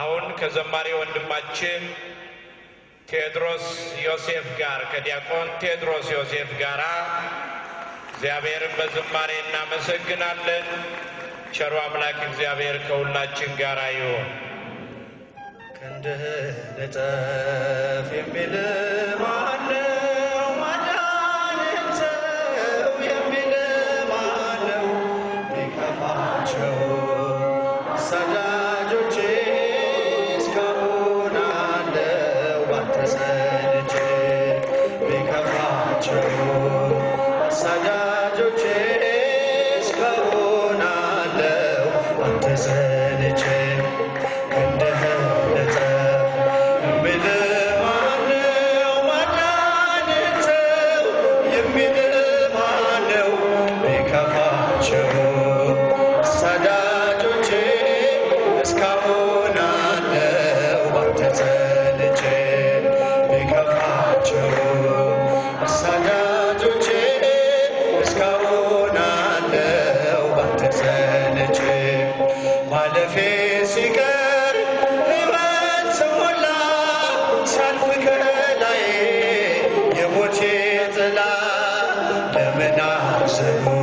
አሁን ከዘማሪ ወንድማችን ቴዎድሮስ ዮሴፍ ጋር ከዲያቆን ቴዎድሮስ ዮሴፍ ጋር እግዚአብሔርን በዝማሬ እናመሰግናለን። ቸሩ አምላክ እግዚአብሔር ከሁላችን ጋር ይሁን። ክንድህ ልጠፍ የሚል Hallelujah.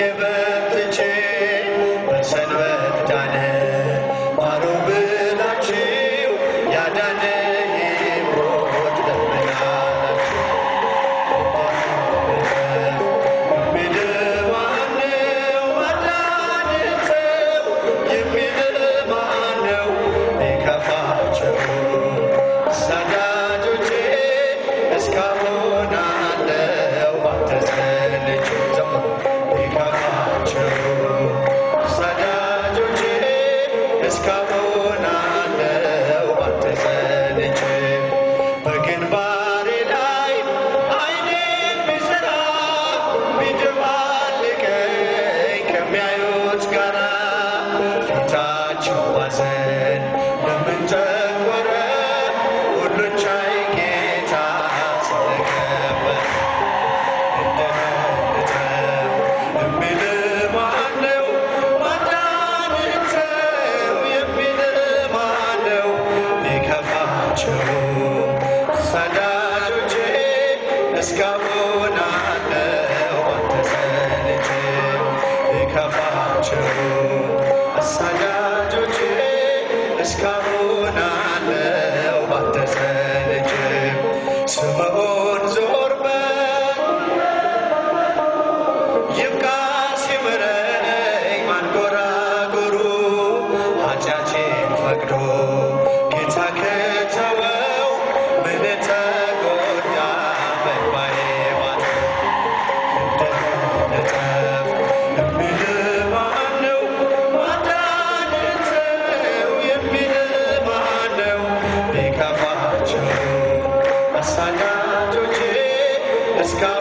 give it. እስካሁን አለው ባተሰለችም ስምዖን Let's go.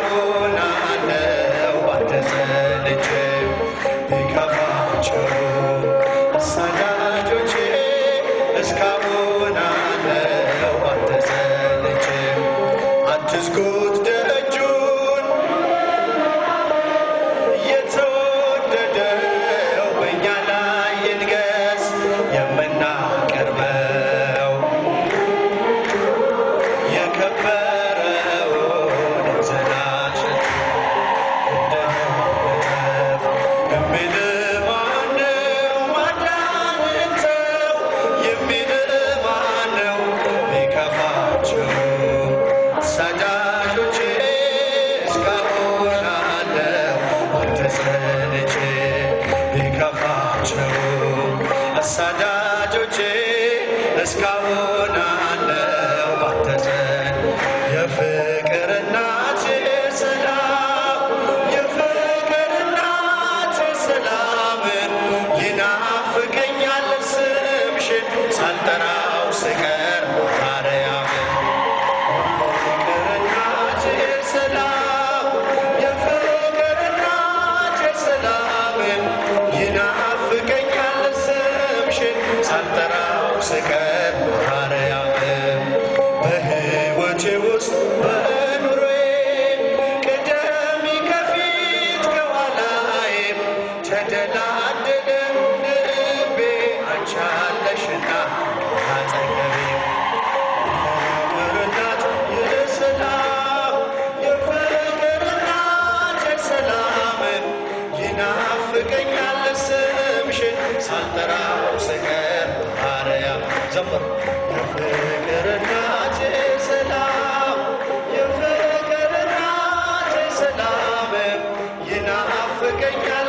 ሳልጠራው ስቀር ማርያም ዘምር የፍቅር እናቴ ሰላም የፍቅር ሰላም ይናፍቀኛል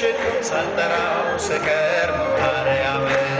ሽን ሳልጠራው ስቀር አርያምን